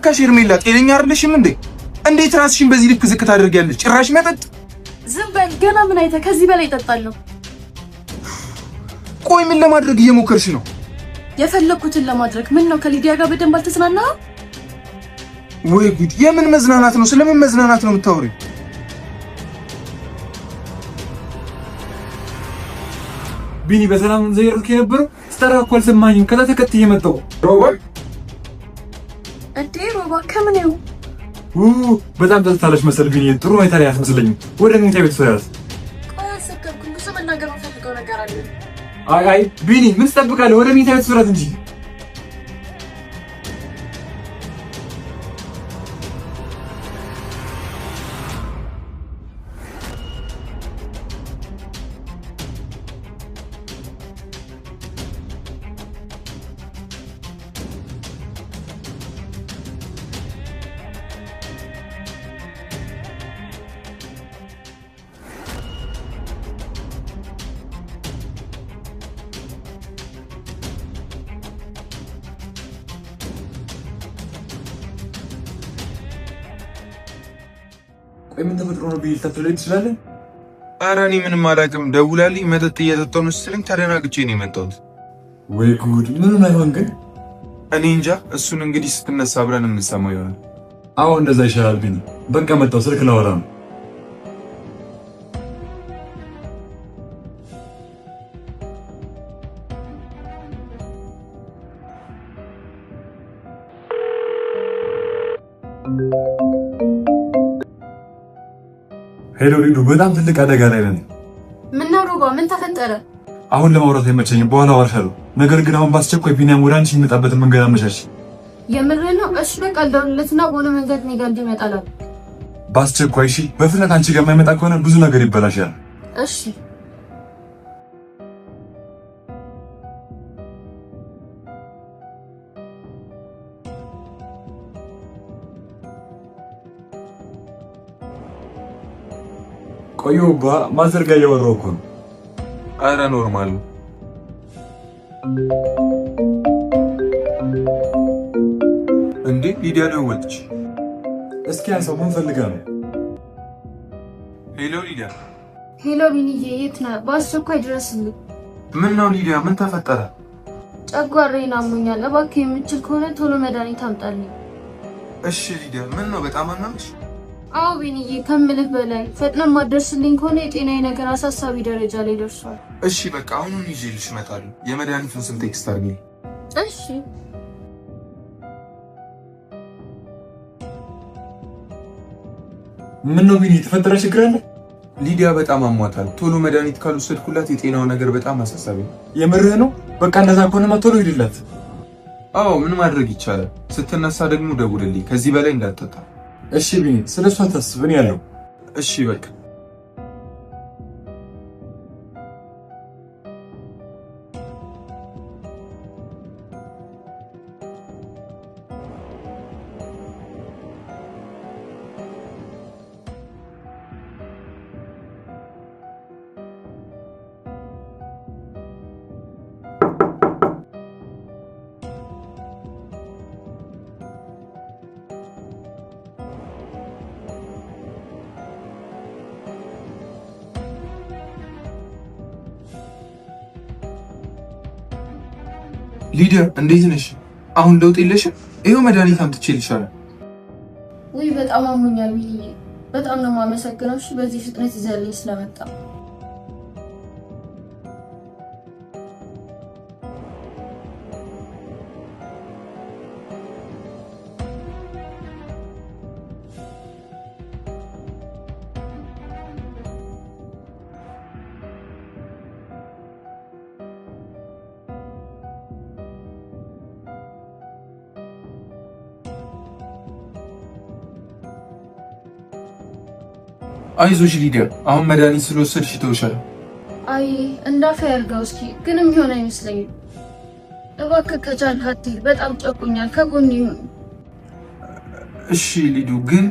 ነካሽ? ሄርሜላ ጤነኛ አይደለሽም እንዴ? እንዴት ራስሽን በዚህ ልክ ዝቅ ታደርጊያለሽ? ጭራሽ መጠጥ ዝም በል። ገና ምን አይተህ ከዚህ በላይ እጠጣለሁ። ቆይ ምን ለማድረግ እየሞከርሽ ነው? የፈለኩትን ለማድረግ ምን ነው? ከሊዲያ ጋር በደንብ አልተዝናናህም ወይ? ጉድ! የምን መዝናናት ነው? ስለምን መዝናናት ነው የምታወሪው? ቢኒ በሰላም ዘይርክ የነበረው ስጠራ እኮ አልሰማኝም። ከዛ ተከትዬ መጣሁ። እባክህ ምን በጣም ጠጥታለች መሰል ግን ጥሩ ሁኔታ ላይ አትመስለኝም። ወደ መኝታ ቤት አለ። አይ ቢኒ ምን ትጠብቃለህ? ወደ መኝታ ቤት ሰራት እንጂ ምን ተፈጥሮ ነው ብዬ ልታትለኝ ትችላለን። ኧረ እኔ ምንም አላውቅም። ደውላልኝ መጠጥ እየጠጣሁ ነው ስትለኝ ተደናግጬ ነው የመጣሁት። ወይ ጉድ! ምንም አይሆን ግን እኔ እንጃ። እሱን እንግዲህ ስትነሳ አብረን የምንሰማው ይሆናል። አዎ እንደዛ ይሻላል። ግን በቃ መጣሁ። ስልክ ላወራ ነው ሄሎ ሊዱ፣ በጣም ትልቅ አደጋ ላይ ነን። ምነው ሮባ፣ ምን ተፈጠረ? አሁን ለማውራት አይመቸኝም፣ በኋላ አወራሻለሁ። ነገር ግን አሁን በአስቸኳይ ቢኒያም ወደ አንቺ የሚመጣበትን መንገድ አመቻች። የምሬን ነው። እሺ በቃ ልደውልለትና በሆነ መንገድ እኔ ጋር እንዲመጣ ላሉ በአስቸኳይ እሺ። በፍጥነት አንቺ ጋር የማይመጣ ከሆነ ብዙ ነገር ይበላሻል። እሺ ቆዩ ባ ማዘር ጋር እያወራሁ እኮ ነው። አረ ኖርማል ነው። እንዴ ሊዲያ ደወለች። እስኪ አንሳው፣ ምን ፈልጋ ነው? ሄሎ ሊዲያ። ሄሎ ሚኒዬ፣ የት ነህ? በአስቸኳይ ድረስልኝ። ምን ነው ሊዲያ፣ ምን ተፈጠረ? ጨጓራዬን አሞኛል። እባክህ የምችል ከሆነ ቶሎ መድኃኒት አምጣልኝ። እሺ ሊዲያ። ምን ነው በጣም አናምሽ አዎ ቤንዬ፣ ከምልህ በላይ ፈጥነን ማደርስልኝ ከሆነ የጤናዬ ነገር አሳሳቢ ደረጃ ላይ ደርሷል። እሺ በቃ አሁኑን ይዤልሽ እመጣለሁ። የመድኃኒቱን ስም ቴክስት አድርጊልኝ። እሺ ምን ነው ቢኒ፣ የተፈጠረ ችግር አለ? ሊዲያ በጣም አሟታል። ቶሎ መድኃኒት ካልወሰድኩላት የጤናው ነገር በጣም አሳሳቢ ነው። የምርህ ነው? በቃ እንደዛ ከሆነማ ቶሎ ሂድላት። አዎ ምን ማድረግ ይቻላል። ስትነሳ ደግሞ ደውልልኝ። ከዚህ በላይ እንዳትጠጣ እሺ ቢኒ፣ ስለሷ ታስብን ያለው እሺ በቃ ሊዲያ እንዴት ነሽ? አሁን ለውጥ የለሽም? ይኸው መድኃኒት አምጥቼልሻለሁ። ውይ በጣም አሞኛል። በጣም ነው የማመሰግነው በዚህ ፍጥነት ይዘልኝ ስለመጣ አይዞሽ ሊዲያ፣ አሁን መድኃኒት ስለወሰድሽ ይተውሻል። አይ እንዳፋ ያርጋው። እስኪ ግን የሚሆን አይመስለኝም። እባክህ ከቻል ሀቲ፣ በጣም ጨቁኛል። ከጎን ይሁን እሺ። ሊዱ ግን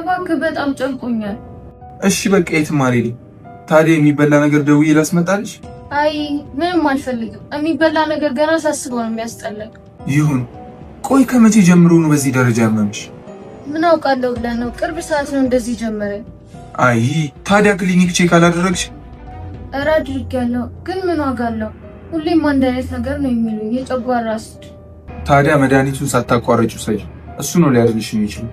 እባክህ በጣም ጨቁኛል። እሺ በቃ የትም አልሄድም። ታዲያ የሚበላ ነገር ደውዬ ላስመጣልሽ? አይ ምንም አልፈልግም። የሚበላ ነገር ገና ሳስበው ነው የሚያስጠላኝ። ይሁን። ቆይ ከመቼ ጀምሮ ነው በዚህ ደረጃ ያመመሽ? ምን አውቃለሁ ብለህ ነው? ቅርብ ሰዓት ነው እንደዚህ ጀመረ። አይ ታዲያ ክሊኒክ ቼክ አላደረግሽ? እረ አድርጌያለሁ፣ ግን ምን ዋጋ አለው? ሁሌም አንድ አይነት ነገር ነው የሚሉኝ የጨጓራ አሲድ። ታዲያ መድኃኒቱን ሳታቋረጭ ውሰጂ፣ እሱ ነው ሊያድንሽ የሚችል።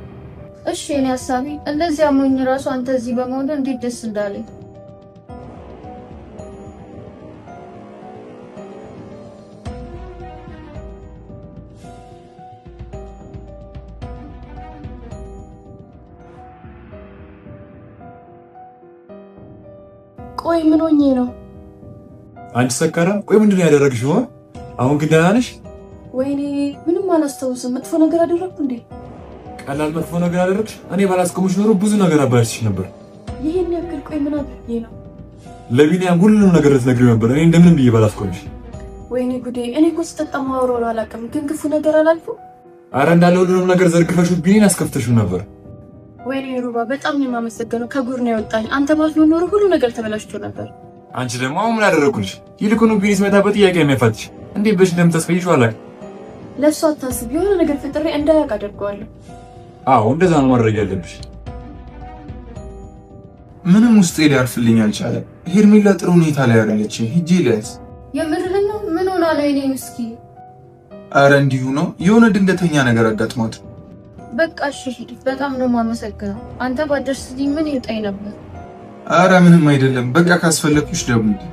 እሺ፣ እኔ ሀሳቢ እንደዚህ አሞኝ ራሱ አንተ እዚህ በመሆኑ እንዴት ደስ እንዳለኝ ቆይ ምን ሆኜ ነው? አንቺ ሰካራም፣ ቆይ ምንድን ነው ያደረግሽው? አሁን ግን ደህና ነሽ? ወይኔ ምንም አላስታውስም። መጥፎ ነገር አደረግኩ እንዴ? ቀላል መጥፎ ነገር አደረግሽ? እኔ ባላስቆምሽ ኖሮ ብዙ ነገር አባያችሽ ነበር። ይሄን ያክል? ቆይ ምን አድርጌ ነው? ለቢኒያም ሁሉንም ነገር ልትነግሪው ነበር፣ እኔ እንደምንም ብዬ ባላስቆምሽ። ወይኔ ጉዴ! እኔ እኮ ስጠጣ ማውሮ አላውቅም፣ ግን ክፉ ነገር አላልፉ። አረ እንዳለ ሁሉንም ነገር ዘርግፈሽ ቢኒን አስከፍተሽው ነበር። ወይኔ ሩባ በጣም ነው የማመሰገነው። ከጉር ነው ያወጣኝ። አንተ ባትኖር ኖሮ ሁሉ ነገር ተበላሽቶ ነበር። አንቺ ደግሞ አሁን ምን አደረኩልሽ? ይልቁኑ ቢኒስ መታ በጥያቄ የሚያፋትሽ እንዴት በሽ እንደምታስፈይሽ አላውቅም። ለእሱ አታስብ። የሆነ ነገር ፈጥሬ እንዳያውቅ አደርገዋለሁ። አዎ እንደዛ ነው ማድረግ ያለብሽ። ምንም ውስጤ ሊያርፍልኝ አልቻለ። ሄርሜላ ጥሩ ሁኔታ ላይ ያለች ሂጂ ሊያዝ የምርህን ነው። ምን ሆና ላይ ነኝ? እስኪ አረ እንዲሁ ነው። የሆነ ድንገተኛ ነገር አጋጥሟት በቃ እሺ በጣም ነው የማመሰግነው። አንተ ባደርስልኝ ምን ይውጣኝ ነበር። አረ ምንም አይደለም። በቃ ካስፈለግኩሽ ደውዪልኝ።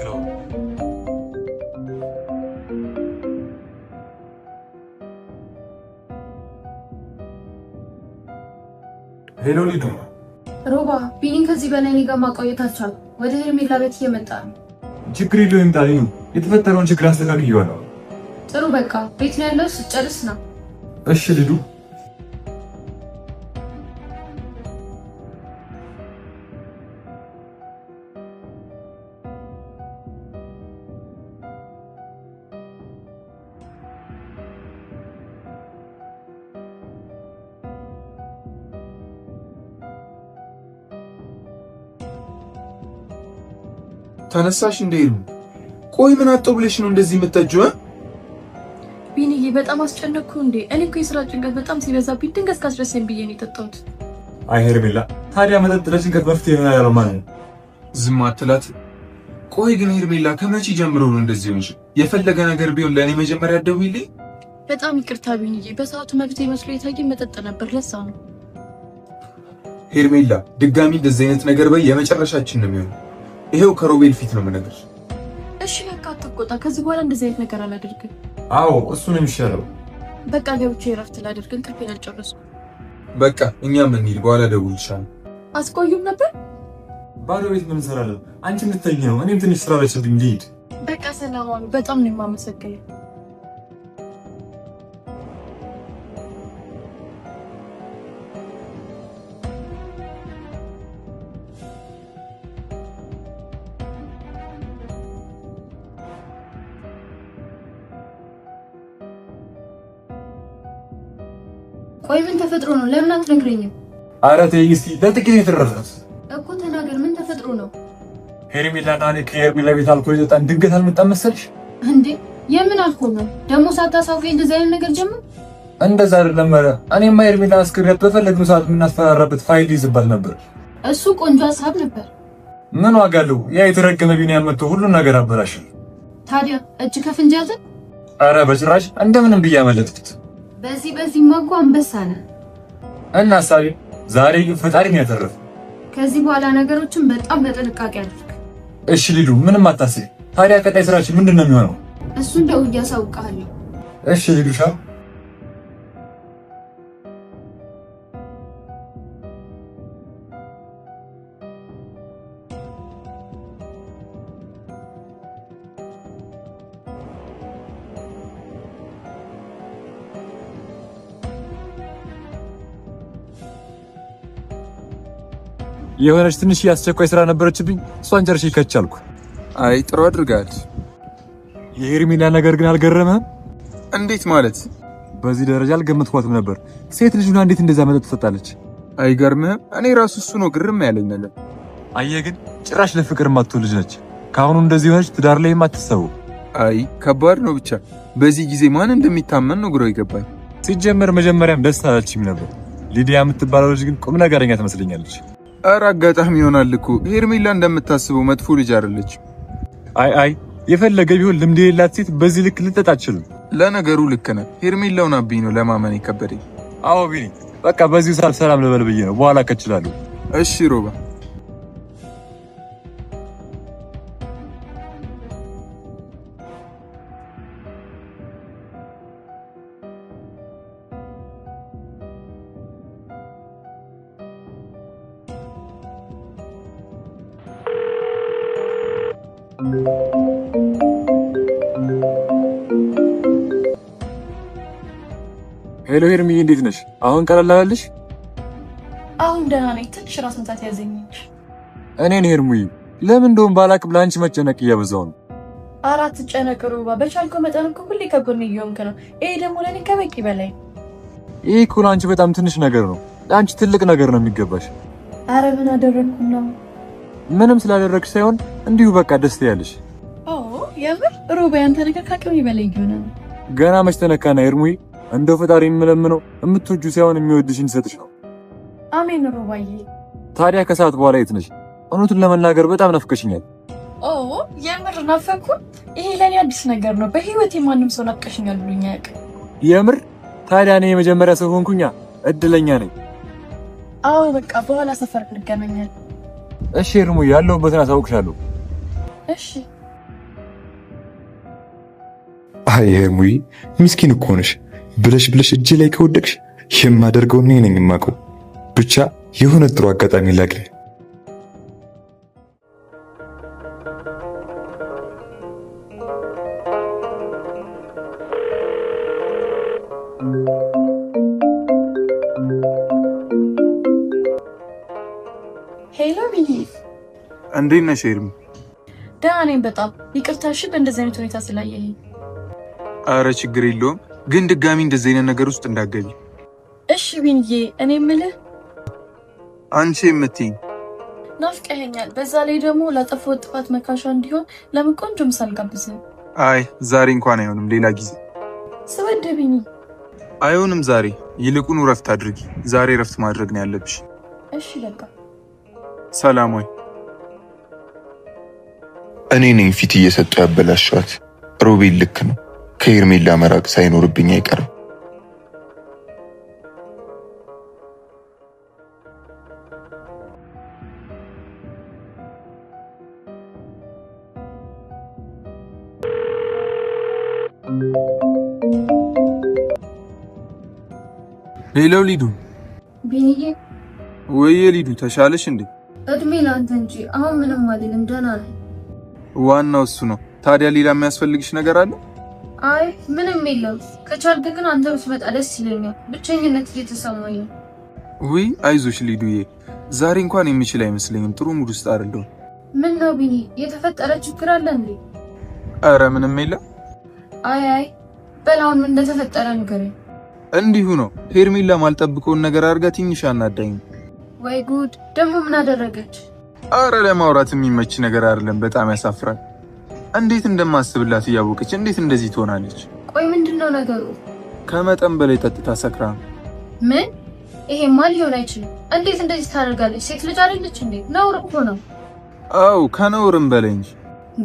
የሚናገረው። ሄሎ ሊዱ። ሮባ ቢኒን ከዚህ በላይ እኔ ጋር ማቆየት አልቻልኩም። ወደ ሄርሜላ ቤት እየመጣ ነው። ችግር የለውም ይምጣ። ሊዱ የተፈጠረውን ችግር አስተካክየዋለሁ። ጥሩ በቃ ቤት ነው ያለው። ስትጨርስ ነው። እሺ ሊዱ ተነሳሽ እንደ ሄዱ። ቆይ ምን አጣው ብለሽ ነው እንደዚህ የምታጅው? ቢኒዬ በጣም አስጨነቅኩ እንዴ? እኔ እኮ የስራ ጭንቀት በጣም ሲበዛብኝ ድንገት ካስረሰኝ ብዬ ነው የጠጣሁት። አይ ሄርሜላ፣ ታዲያ መጠጥ ለጭንቀት መፍትሄ ይሆናል ያለው ማን ነው? ዝም አትላት። ቆይ ግን ሄርሜላ ከመቼ ጀምሮ ነው እንደዚህ ሆንሽ? የፈለገ ነገር ቢሆን ለእኔ መጀመሪያ ደውይልኝ። በጣም ይቅርታ ቢኒዬ፣ በሰዓቱ መፍትሄ መስሎ የታየ መጠጥ ነበር፣ ለዛ ነው። ሄርሜላ ድጋሚ እንደዚህ አይነት ነገር በይ፣ የመጨረሻችን ነው የሚሆነው። ይሄው ከሮቤል ፊት ነው የምነግርሽ። እሺ በቃ አትቆጣ። ከዚህ በኋላ እንደዚህ አይነት ነገር አላደርግም። አዎ እሱ ነው የሚሻለው። በቃ ገብቼ እረፍት ላደርግ እንቅልፌን አልጨረስኩም። በቃ እኛ ምን ይል በኋላ እደውልልሻለሁ። አስቆዩም ነበር ባዶ ቤት ምን እሰራለሁ? አንቺ እንድትተኝ ነው። እኔም ትንሽ ስራ ላይ አለችብኝ ልሂድ። በቃ ሰላም፣ በጣም ነው የማመሰግነው። ቆይ ምን ተፈጥሮ ነው? ለምን አትነግረኝም? ኧረ ተይኝ እስኪ ለጥቂት የተደረሰ እኮ ተናገር። ምን ተፈጥሮ ነው? ሄርሜላና እኔ ከሄርሜላ ቤት አልኮ የጠጣን ድንገት አልመጣም መሰልሽ? እንዴ የምን አልኮ ነው ደግሞ? ሳታሳውቂ እንደዚህ አይነት ነገር ጀምር። እንደዛ አይደለም። ኧረ እኔማ ሄርሜላ አስክሬት በፈለግነው ሰዓት የምናስፈራራበት ፋይል ይዝባል ነበር። እሱ ቆንጆ ሀሳብ ነበር። ምን ዋጋ አለው? ያ የተረገመ ቢና ያመጣው ሁሉን ነገር አበላሽ። ታዲያ እጅ ከፍንጅ ያዘ? በጭራሽ እንደምንም ብዬ አመለጥኩት። በዚህ በዚህ ማጎ አንበሳ ነህ እና ሳቢ፣ ዛሬ ግን ፈጣሪ ነው ያተረፈ። ከዚህ በኋላ ነገሮችን በጣም በጥንቃቄ አድርግ እሺ? ሊዱ ምንም አታስቢ። ታዲያ ቀጣይ ስራችን ምንድን ነው የሚሆነው? እሱን ደውዬ አሳውቅሃለሁ። እሺ ሊዱሻ የሆነች ትንሽ አስቸኳይ ስራ ነበረችብኝ። እሷን ጨርሼ ይከቻልኩ። አይ ጥሩ አድርጋል። የሄርሜላ ነገር ግን አልገረመህም? እንዴት ማለት? በዚህ ደረጃ አልገመትኳትም ነበር። ሴት ልጅ ሁና እንዴት እንደዛ መጠጥ ትጠጣለች? አይገርምህም? እኔ ራሱ እሱ ነው ግርም ያለኝ ነገር። አየህ ግን ጭራሽ ለፍቅር ማትሆን ልጅ ነች። ከአሁኑ እንደዚህ ሆነች ትዳር ላይ አትሰው። አይ ከባድ ነው። ብቻ በዚህ ጊዜ ማን እንደሚታመን ነው ግራ ይገባኝ። ሲጀመር መጀመሪያም ደስ አላችም ነበር። ሊዲያ የምትባለው ልጅ ግን ቁም ነገረኛ ትመስለኛለች። እረ አጋጣሚ ይሆናል እኮ ሄርሜላ እንደምታስበው መጥፎ ልጅ አይደለች። አይ አይ የፈለገ ቢሆን ልምድ የሌላት ሴት በዚህ ልክ ልጠጣ አችልም። ለነገሩ ልክ ነህ። ሄርሜላውን አብኝ ነው ለማመን የከበደኝ። አዎ ቢኒ፣ በቃ በዚሁ ሳል ሰላም ልበል ብዬ ነው። በኋላ ከችላለሁ። እሺ ሮባ ሄሎ ሄርሚዬ፣ እንዴት ነሽ? አሁን ቀለል አላለሽ? አሁን ደህና ነኝ። ትንሽ ራስ ምታት ያዘኝ እንጂ። እኔን ሄርሙይ፣ ለምን እንደውም ባላቅ ብላንች መጨነቅ እያበዛው ነው። አራት ጨነቅ ሩባ፣ በቻልኩ መጠን እኮ ሁሌ ከጎን እየሆንክ ነው። ይሄ ደግሞ ለኔ ከበቂ በላይ። ይሄ እኮ ለአንቺ በጣም ትንሽ ነገር ነው። ለአንቺ ትልቅ ነገር ነው የሚገባሽ። አረ ምን ነው? ምንም ስላደረግሽ ሳይሆን እንዲሁ በቃ ደስ ያለሽ። ኦ የምር ሩባ፣ ያንተ ነገር ከአቅሜ በላይ ነው። ገና መች ተነካና እንደ ፈጣሪ የምለምነው የምትወጁ ሳይሆን የሚወድሽን ሰጥሽ ነው። አሜን ሮባዬ። ታዲያ ከሰዓት በኋላ የት ነሽ? እውነቱን ለመናገር በጣም ናፍቀሽኛል። ኦ የምር ናፈኩ? ይሄ ለኔ አዲስ ነገር ነው። በህይወቴ ማንም ሰው ናፍቀሽኛል ብሎኝ አያውቅም። የምር ታዲያ እኔ የመጀመሪያ ሰው ሆንኩኛ። እድለኛ ነኝ። አዎ በቃ በኋላ ሰፈር እንገናኛለን። እሺ ሩሙ፣ ያለሁበትን አሳውቅሻለሁ። እሺ አይ ሩሙዬ፣ ምስኪን እኮ ነሽ። ብለሽ ብለሽ እጄ ላይ ከወደቅሽ የማደርገው እኔ ነኝ የማውቀው። ብቻ የሆነ ጥሩ አጋጣሚ ላግኝ። ሄሎ ቢኒ፣ እንዴት ነሽ? ሄርም፣ ደህና ነኝ በጣም ይቅርታሽ፣ በእንደዚህ አይነት ሁኔታ ስላየኸኝ። አረ ችግር የለውም ግን ድጋሚ እንደዚህ አይነት ነገር ውስጥ እንዳገኝ። እሺ ቢንዬ፣ እኔ የምልህ አንቺ የምትይኝ ናፍቀኸኛል። በዛ ላይ ደግሞ ላጠፋው ጥፋት መካሻ እንዲሆን ለምን ቆንጆ ምሳ አልጋብዝም? አይ ዛሬ እንኳን አይሆንም፣ ሌላ ጊዜ ስበደብኝ። አይሆንም ዛሬ፣ ይልቁኑ እረፍት አድርጊ። ዛሬ እረፍት ማድረግ ነው ያለብሽ። እሺ በቃ ሰላም። ወይ እኔ ነኝ ፊት እየሰጠ ያበላሸዋት። ሮቤል ልክ ነው። ከሄርሜላ መራቅ ሳይኖርብኝ አይቀርም። ሌላው ሊዱ ቢኒዬ፣ ወይዬ ሊዱ ተሻለሽ እንዴ? እድሜ ላንተ እንጂ አሁን ምንም አልልም፣ ደህና ነኝ። ዋናው እሱ ነው። ታዲያ ሌላ የሚያስፈልግሽ ነገር አለ? አይ ምንም የለም። ከቻልክ ግን አንተ ብትመጣ ደስ ይለኛል። ብቸኝነት እየተሰማኝ ነው። ውይ አይዞሽ ሊዱዬ፣ ዛሬ እንኳን የምችል አይመስለኝም። ጥሩ ሙድ ውስጥ አይደለሁም። ምን ነው ቢኒ፣ የተፈጠረ ችግር አለ እንዴ? አረ ምንም የለም። አይ አይ በላውን ምን እንደተፈጠረ ንገረኝ። እንዲሁ ነው። ሄርሜላ ማልጠብቀውን ነገር አድርጋ ትንሽ አናዳኝ። ወይ ጉድ! ደግሞ ምን አደረገች? አረ ለማውራት የሚመች ነገር አይደለም። በጣም ያሳፍራል። እንዴት እንደማስብላት እያወቀች እንዴት እንደዚህ ትሆናለች? ቆይ ምንድነው ነገሩ? ከመጠን በላይ ጠጥታ ሰክራ ምን ምን? ይሄማ ሊሆን አይችልም። እንዴት እንደዚህ ታደርጋለች? ሴት ልጅ አይደለች እንዴ? ነውር እኮ ነው። አው ከነውርም በላይ እንጂ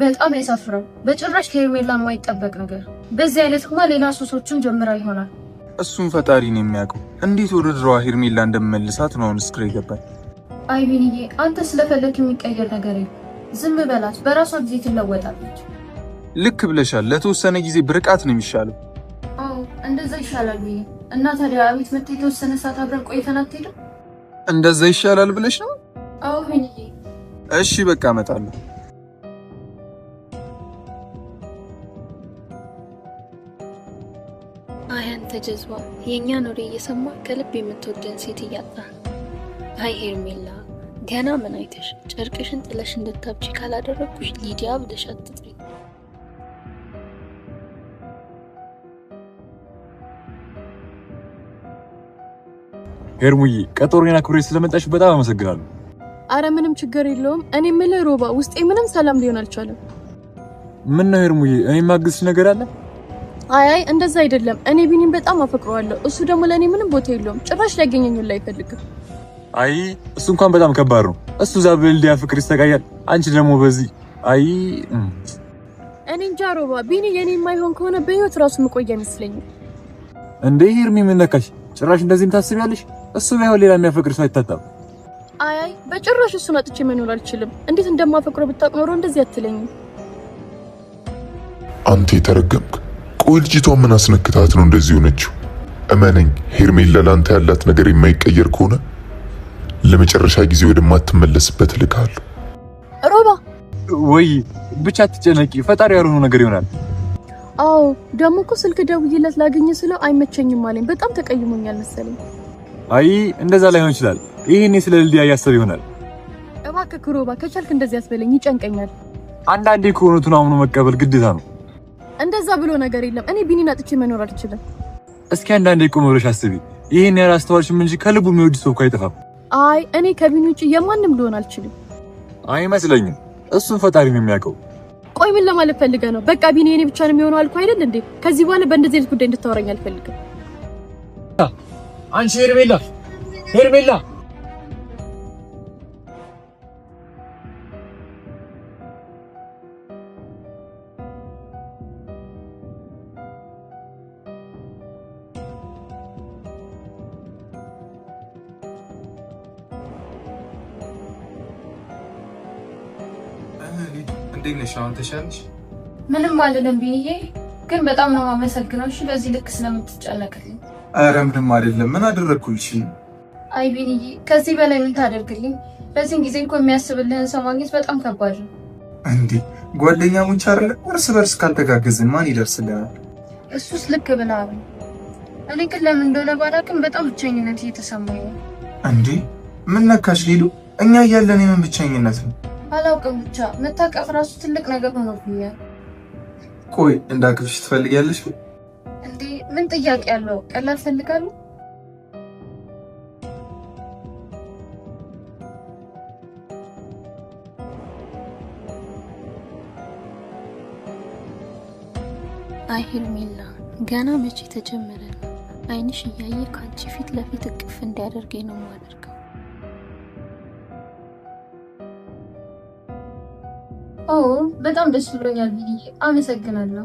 በጣም ያሳፍራል። በጭራሽ ከሄርሜላ የማይጠበቅ ነገር። በዚህ አይነትማ ሌላ ሱሶችን ጀምራ ይሆናል። እሱም ፈጣሪ ነው የሚያውቀው። እንዴት ወደ ድሮዋ ሄርሜላ እንደምመልሳት ነው አሁን እስክሬ ገባኝ። አይ አንተ ስለፈለግ የሚቀየር ነገር የለም ዝም በላት፣ በራሷ ጊዜ ትለወጣለች። ልክ ብለሻል። ለተወሰነ ጊዜ ብርቃት ነው የሚሻለው። አዎ እንደዛ ይሻላል። እና ታዲያ አቤት መታ የተወሰነ ሰዓት አብረን ቆይተን አትሄድም? እንደዛ ይሻላል ብለሽ ነው? አዎ ሄንዬ። እሺ በቃ እመጣለሁ። አይ አንተ ጀዝባ፣ የእኛ ኖሬ እየሰማ ከልብ የምትወደን ሴት እያጣ። አይ ሄርሜላ ገና ምን አይተሽ ጨርቅሽን ጥለሽ እንድታብጪ ካላደረግኩሽ ሊዲያ ብለሽ አትጥሪ። ሄርሙዬ ቀጠሮዬን አክብሬ ስለመጣሽ በጣም አመሰግናለሁ። አረ ምንም ችግር የለውም። እኔ የምልህ ሮባ፣ ውስጤ ምንም ሰላም ሊሆን አልቻለም። ምን ነው ሄርሙዬ፣ እኔ ማግዝሽ ነገር አለ? አይ አይ፣ እንደዛ አይደለም። እኔ ቢኒም በጣም አፈቅረዋለሁ። እሱ ደግሞ ለእኔ ምንም ቦታ የለውም። ጭራሽ ሊያገኘኝ ላይ አይፈልግም። አይ እሱ እንኳን በጣም ከባድ ነው። እሱ እዛ በልዲያ ፍቅር ይሰቃያል፣ አንቺ ደግሞ በዚህ አይ እኔ እንጃ። ሮባ ቢኒ የኔ የማይሆን ከሆነ በህይወት ራሱ መቆያ ይመስለኛል። እንዴ ሄርሚ ምን ነካሽ? ጭራሽ እንደዚህም ታስቢያለሽ? እሱ ባይሆን ሌላ የሚያፈቅር ሰው አይታጣም። አይ አይ፣ በጭራሽ እሱን አጥቼ መኖር አልችልም። እንዴት እንደማፈቅረው ብታውቅ ኖሮ እንደዚህ አትለኝም። አንተ የተረገምክ። ቆይ ልጅቷ ምን አስነክታት ነው እንደዚህ ሆነችው? እመነኝ ሄርሜላ ላንተ ያላት ነገር የማይቀየር ከሆነ ለመጨረሻ ጊዜ ወደማትመለስበት እልካለሁ። ሮባ ወይ ብቻ አትጨነቂ፣ ፈጣሪ ያልሆነው ነገር ይሆናል። አዎ ደግሞ እኮ ስልክ ደውዬለት ላገኘ ስለው አይመቸኝም አለኝ። በጣም ተቀይሞኛል መሰለኝ። አይ እንደዛ ላይሆን ይችላል። ይሄኔ ስለ ልዲያ እያሰብ ይሆናል። እባክህ ሮባ ከቻልክ እንደዚህ ያስበለኝ፣ ይጨንቀኛል። አንዳንዴ እኮ እውነቱን አምኖ መቀበል ግዴታ ነው። እንደዛ ብሎ ነገር የለም። እኔ ቢኒን አጥቼ መኖር አልችልም። እስኪ አንዳንዴ ቆም ብለሽ አስቢ። ይሄን ያላስተዋልሽም እንጂ ከልቡ የሚወድ ሰው እኮ አይጠፋም። አይ እኔ ከቢኒ ውጭ የማንም ሊሆን አልችልም። አይመስለኝም። እሱን ፈጣሪ ነው የሚያውቀው። ቆይ ምን ለማለት ፈልገህ ነው? በቃ ቢኒ የኔ ብቻ ነው የሚሆነው አልኩህ አይደል እንዴ? ከዚህ በኋላ በእንደዚህ አይነት ጉዳይ እንድታወራኝ አልፈልግም። አንቺ ሄርሜላ ሄርሜላ እንዴት ነሽ? አሁን ተሻለሽ? ምንም አልልም ብዬ ግን በጣም ነው የማመሰግነው። እሺ በዚህ ልክ ስለምትጨነቅልኝ። ኧረ ምንም አይደለም። ምን አደረግኩልሽ? አይ ቢኒዬ፣ ከዚህ በላይ ምን ታደርግልኝ? በዚህን ጊዜ እኮ የሚያስብልህን ሰው ማግኘት በጣም ከባድ ነው። እንዴ ጓደኛ ሙንቻ እርስ በርስ ካልተጋገዝን ማን ይደርስልናል? እሱስ ልክ ብለሃል። እኔ ግን ለምን እንደሆነ ባላውቅም በጣም ብቸኝነት እየተሰማኝ ነው። እንዴ ምን ነካሽ ሊሉ እኛ እያለን የምን ብቸኝነት ነው? አላውቅም ብቻ መታቀፍ ራሱ ትልቅ ነገር ሆኖብኛል። ቆይ እንዳቅፍሽ ትፈልጊያለሽ? እንዴ ምን ጥያቄ ያለው? ቀላል ፈልጋለሁ። አይ ሄርሜላ፣ ገና መቼ ተጀመረ ነው? አይንሽ እያየ ከአንቺ ፊት ለፊት እቅፍ እንዲያደርገኝ ነው የማደርገው። ኦ በጣም ደስ ብሎኛል ቢኒ፣ አመሰግናለሁ።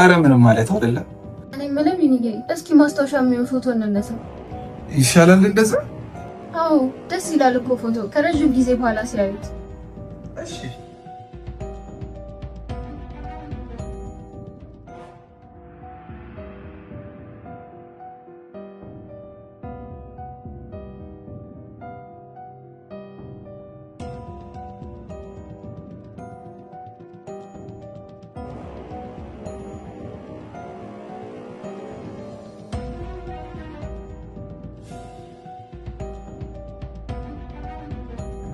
አረ ምንም ማለት አይደለም። እኔ የምለው ቢኒ፣ እስኪ ማስታወሻ የሚሆን ፎቶ እንነሳ ይሻላል። እንደዛ? አዎ ደስ ይላል እኮ ፎቶ ከረዥም ጊዜ በኋላ ሲያዩት። እሺ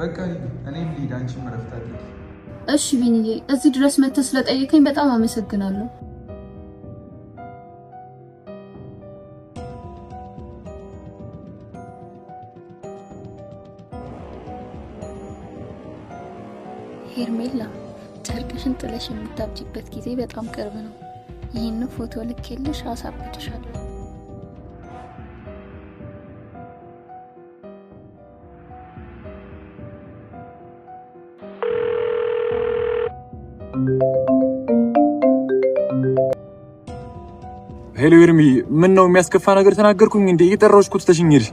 በቃ እኔም ልሂድ፣ አንቺም እረፍት አድርጊ። እሺ ቢኒዬ፣ እዚህ ድረስ መተህ ስለጠየቀኝ በጣም አመሰግናለሁ። ሄርሜላ፣ ጨርቅሽን ጥለሽ የምታብጂበት ጊዜ በጣም ቅርብ ነው። ይህን ፎቶ ልኬልሽ አሳብድሻለሁ። ሄሎ ኤርሚ፣ ምን ነው የሚያስከፋ ነገር ተናገርኩኝ እንዴ? እየጠራሁሽ እኮ ትተሽኝ ሄድሽ።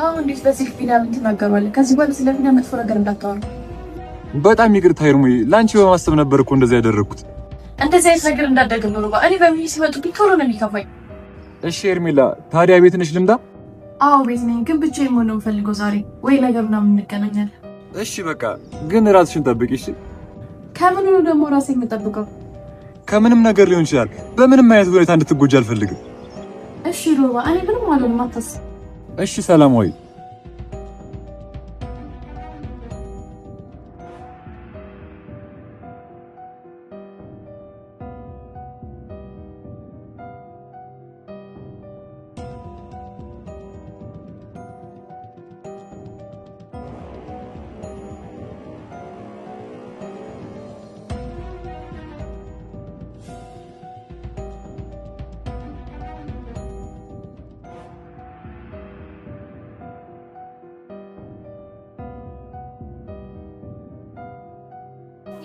አሁን እንዴት በዚህ ፊና ምን ትናገራለህ? ከዚህ በኋላ ስለ ፊና መጥፎ ነገር እንዳታወራ። በጣም ይቅርታ ኤርሙዬ፣ ላንቺ በማሰብ ነበር እኮ እንደዚህ ያደረግኩት። እንደዚህ አይነት ነገር እንዳደረግም ነው ነው። እኔ በሚል ሲመጡ ቶሎ ነው የሚከፋኝ። እሺ ኤርሚላ፣ ታዲያ ቤት ነሽ ልምጣ? አዎ ቤት ነኝ፣ ግን ብቻ መሆን ነው የምፈልገው ዛሬ። ወይ ነገር ምናምን እንገናኛለን። እሺ በቃ ግን ራስሽን ጠብቂ እሺ። ከምኑ ደግሞ ራሴ የምጠብቀው ከምንም ነገር ሊሆን ይችላል። በምንም አይነት ሁኔታ እንድትጎጂ አልፈልግም። እሺ ሮባ፣ እኔ ምንም አልሆንም፣ እሺ ሰላም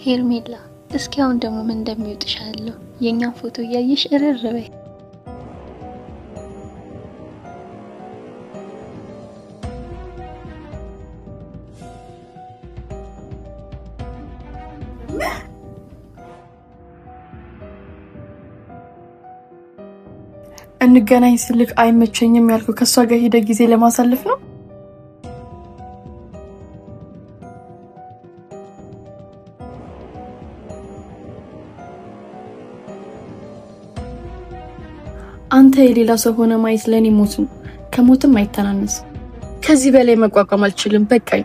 ሄርሜላ እስኪ አሁን ደግሞ ምን እንደሚወጥሽ አለሁ። የእኛን ፎቶ እያየሽ እርር በይ። እንገናኝ ስልክ አይመቸኝም ያልኩ ከእሷ ጋር ሄደ ጊዜ ለማሳለፍ ነው። የሌላ ሰው ሆነ ማየት ለእኔ ሞት ነው፣ ከሞትም አይተናነስም። ከዚህ በላይ መቋቋም አልችልም፣ በቃኝ።